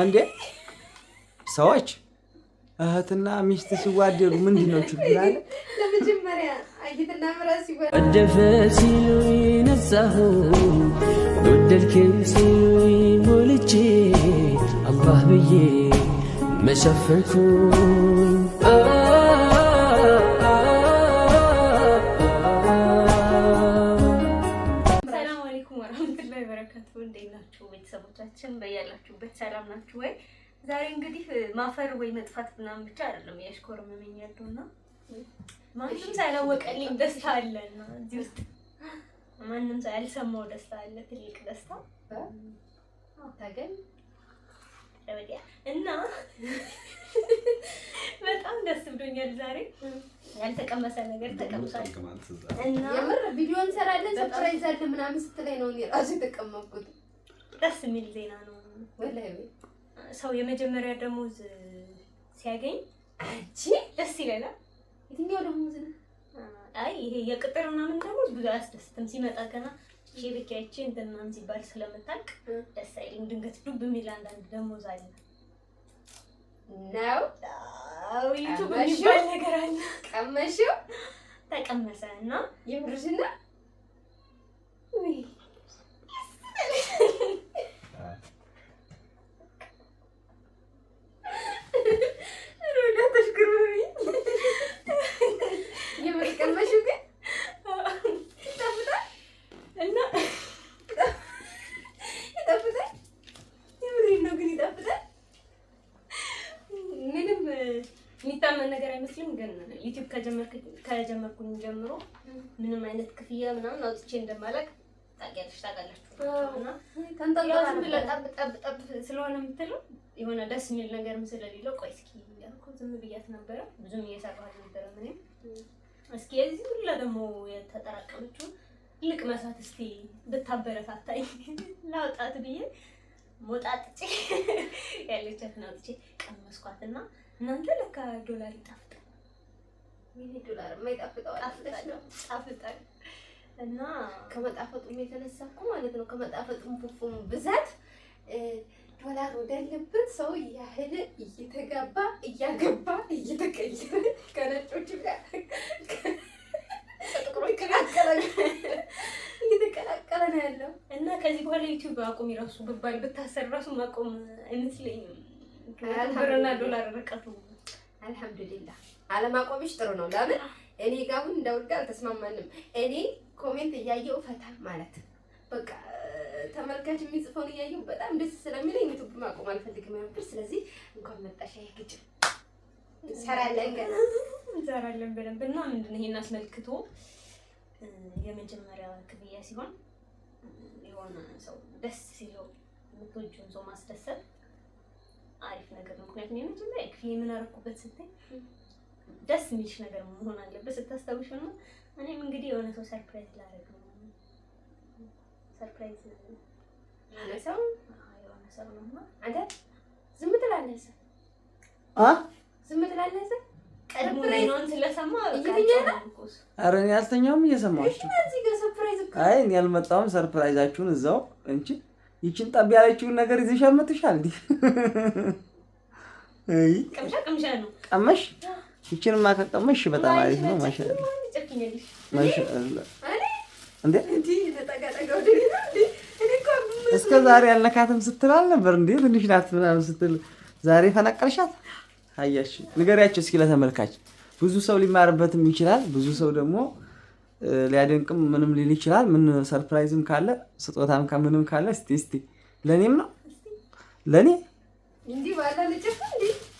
እንዴ ሰዎች እህትና ሚስት ሲዋደዱ ምንድን ነው ችግር አለ? ወደፈ ሲሉ ነጻሁ ወደድከኝ ሲሉ ሞልቼ አላህ ብዬ መሸፈንኩ በረከቱ እንዴት ናችሁ ቤተሰቦቻችን? በያላችሁበት ሰላም ናችሁ ወይ? ዛሬ እንግዲህ ማፈር ወይ መጥፋት ምናምን ብቻ አይደለም የሽኮር ያሽኮረመመኝ ያለውና ማንም ሳያላወቀልኝ ደስታ አለና እዚህ ውስጥ ማንም ሳያልሰማው ደስታ አለ። ትልቅ ደስታ ታገኝ ወዲያ እና በጣም ደስ ብሎኛል። ዛሬ ያልተቀመሰ ነገር ተቀምሷል እና የምር ቪዲዮ እንሰራለን ሰርፕራይዝ አለ ምናምን ስትለኝ ነው እኔ ራሱ የተቀመጥኩት። ደስ የሚል ዜና ነው። ሰው የመጀመሪያ ደሞዝ ሲያገኝ አንቺ ደስ ይለናል። የትኛው ደሞዝ ነው? አይ ይሄ የቅጥር ምናምን ደሞዝ ብዙ አያስደስትም። ሲመጣ ገና ኬብኪያቼ እንትን ምናምን ሲባል ስለምታውቅ ደስ አይልም። ድንገት ዱብ የሚል አንዳንድ ደሞዝ አለ ነው ዩቱብ የሚባል ነገር አለ። ቀመሽው ተቀመሰ እና የምርሽና አይመስልም። ግን ዩቲዩብ ከጀመርኩኝ ጀምሮ ምንም አይነት ክፍያ ምናምን አውጥቼ እንደማለቅ ታውቂያለሽ፣ ታውቃላችሁ ስለሆነ የምትለው የሆነ ደስ የሚል ነገርም ስለሌለው ቆይ እስኪ እያልኩ ዝም ብያት ነበረ። ብዙም እየሰራሁ ነበረ። ምንም እስኪ የዚህ ሁላ ደግሞ የተጠራቀመችው ትልቅ መሳት እስኪ ብታበረታታኝ ላውጣት ብዬ ሞጣ ጥጬ ያለቻትን አውጥቼ ቀመስኳትና እናንተ ለካ ዶላር ይጣፍ ዶላር የማይጣፍጠው እና ከመጣፈጡም የተነሳ እኮ ማለት ነው ከመጣፈጡም ፉፉም ብዛት ዶላር ወዳለበት ሰው እያሄደ እየተጋባ እያገባ እየተቀየረ ከነጮቹ ጋር እየተቀላቀለ ነው ያለው እና ከዚህ በኋላ ዩቲዩብ አቁም ይራሱ ብባል ብታሰር ራሱ ማቆም አይመስለኝም። ብርና ዶላር ርቀቱ አልሐምዱሊላህ አለማቆምሽ ጥሩ ነው። ለምን እኔ ጋር አሁን እንዳውልጋ አልተስማማንም። እኔ ኮሜንት እያየው ፈታ ማለት በቃ ተመልካች የሚጽፈውን እያየው በጣም ደስ ስለሚለኝ ዩቱብ ማቆም አልፈልግም ነበር። ስለዚህ እንኳን መጣሻ ግጭ እንሰራለን ገና እንሰራለን በደንብ እና ምንድን ይሄን አስመልክቶ የመጀመሪያ ክፍያ ሲሆን የሆነ ሰው ደስ ሲለው የምትወጂውን ሰው ማስደሰት አሪፍ ነገር ነው። ምክንያቱም የመጀመሪያ ክፍያ የምናረኩበት ስትል ደስ የሚልሽ ነገር መሆን አለበት ስታስታውሽ። ነው። እኔም እንግዲህ የሆነ ሰው ሰርፕራይዝ ላደርግ ነው። ሰርፕራይዝ የሆነ ሰው የሆነ ሰው ነው። አንተ ዝም ትላለህ እዛ አ ዝም ትላለህ እዛ ቀድሞ ነው ስለሰማ ኧረ እኔ አልተኛውም እየሰማችሁ አይ እኔ አልመጣሁም። ሰርፕራይዛችሁን እዛው እንቺ ይቺን ጠብ ያለችውን ነገር ይዘሽ አመትሻል እንዴ? አይ ቀምሻ ቀምሻ ነው ቀመሽ ይችን ማከቀመሽ በጣም አሪፍ ነው። ማሻአላ እስከ ዛሬ አልነካትም ስትል አልነበር እንዴ? ትንሽ ናት ምናምን ስትል ዛሬ ፈነቀልሻት። አያሽ ንገሪያቸው እስኪ ለተመልካች። ብዙ ሰው ሊማርበትም ይችላል። ብዙ ሰው ደግሞ ሊያደንቅም ምንም ሊል ይችላል። ምን ሰርፕራይዝም ካለ ስጦታም ምንም ካለ እስቲ እስቲ ለእኔም ነው ለእኔ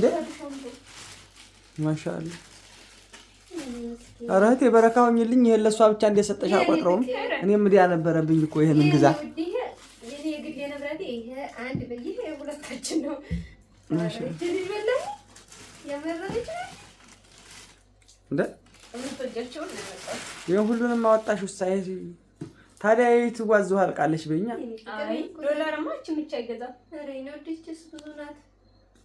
እንዴ ማሻአላ። ኧረ እህቴ በረካ ሆኝልኝ። ይሄን ለእሷ ብቻ እንደሰጠሽ አቆጥረውም። እኔም እዳ ነበረብኝ እኮ ይሄንን ግዛ። ይህ ሁሉንም አወጣሽ ውሳ ታዲያ የትዋዝ አልቃለች በኛ ዶላርማ ችምቻ ይገዛል።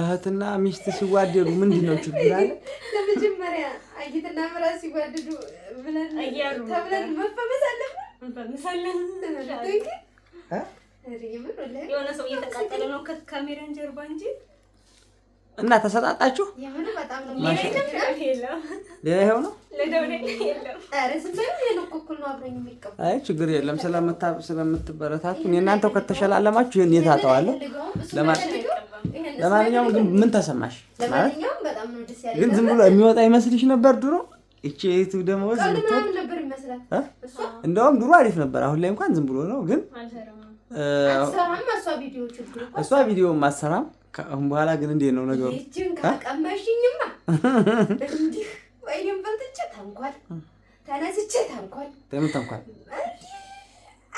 እህትና ሚስት ሲዋደዱ ምንድን ነው ችግር አለ? ለመጀመሪያ አጊትና ምራ ሲዋደዱ ብለን ተብለን መፈመስ የሆነ ሰው እየተቃጠለ ነው ከካሜራን ጀርባ እንጂ እና ተሰጣጣችሁ ሌላ ይኸው ነው። አይ ችግር የለም ስለምትበረታቱ እናንተው ከተሸላለማችሁ ይህን የታጠዋለሁ ለማ ለማንኛውም ግን ምን ተሰማሽ? ግን ዝም ብሎ የሚወጣ ይመስልሽ ነበር ድሮ? እቺ የቱ ደግሞ እንደውም ድሮ አሪፍ ነበር። አሁን ላይ እንኳን ዝም ብሎ ነው። ግን እሷ ቪዲዮ ማሰራም ከአሁን በኋላ ግን እንዴት ነው ነገሩ? ተነስቼ ተንኳል ተንኳል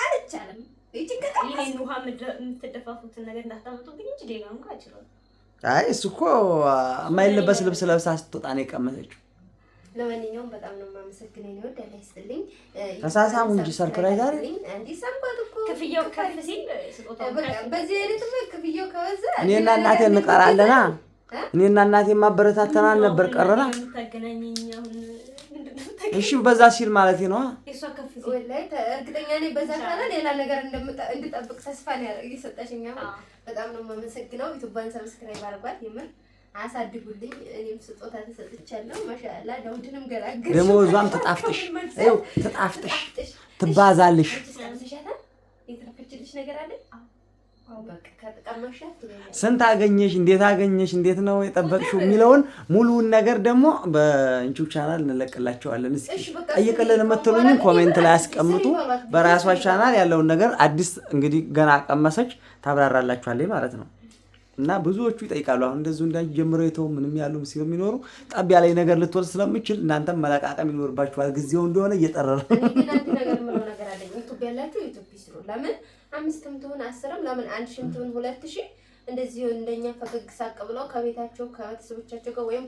አልቻለም የምትደፋፉትን ነገር እንዳታመጡብኝ እንጂ አይ እሱ እኮ የማይለበስ ልብስ ለብሳ ስትወጣ ነው የቀመሰችው። ለማንኛውም በጣም ነው የማመሰግነው። ይወድ ያላይስጥልኝ ተሳሳሙ እንጂ ሰርፕራይዝ እኮ ክፍያው ከፍ ሲል በዚህ አይነት ክፍያው ከበዛ እኔና እናቴ እንቀራለና እኔና እናቴ ማበረታተናል ነበር ቀረና እሺ በዛ ሲል ማለት ነው። እሷ ከፍ ሲል እርግጠኛ ነኝ በዛ ካለ ሌላ ነገር እንድጠብቅ ተስፋ ነው የሰጠሽኝ። በጣም ነው የማመሰግነው። ዩቲዩብን ሰብስክራይብ አድርጓት፣ የምር አሳድጉልኝ። እኔም ስጦታ ተሰጥቻለሁ። ማሻአላ ዳውድንም ገላገልሽ፣ እዛም ተጣፍጥሽ፣ ተጣፍጥሽ ትባዛልሽ ስንት አገኘሽ፣ እንዴት አገኘሽ፣ እንዴት ነው የጠበቅሽው የሚለውን ሙሉውን ነገር ደግሞ በእንቹ ቻናል እንለቅላቸዋለን። እስኪ ጠይቅልን የምትሉኝን ኮሜንት ላይ አስቀምጡ። በራሷ ቻናል ያለውን ነገር አዲስ እንግዲህ ገና ቀመሰች ታብራራላችኋለች ማለት ነው። እና ብዙዎቹ ይጠይቃሉ። አሁን እንደዚሁ እንዳንቺ ጀምረው የተው ምንም ያሉ ሲሉ የሚኖሩ ጠብ ያለኝ ነገር ልትወል ስለምችል እናንተም መለቃቀም ይኖርባችኋል። ጊዜው እንደሆነ እየጠረረ ስሩ። ለምን አምስትም ትሁን አስርም ለምን አንድ ሺህም ትሁን ሁለት ሺህ እንደዚህ እንደኛ ፈገግ ሳቅ ብለው ከቤታቸው ከቤተሰቦቻቸው ጋር ወይም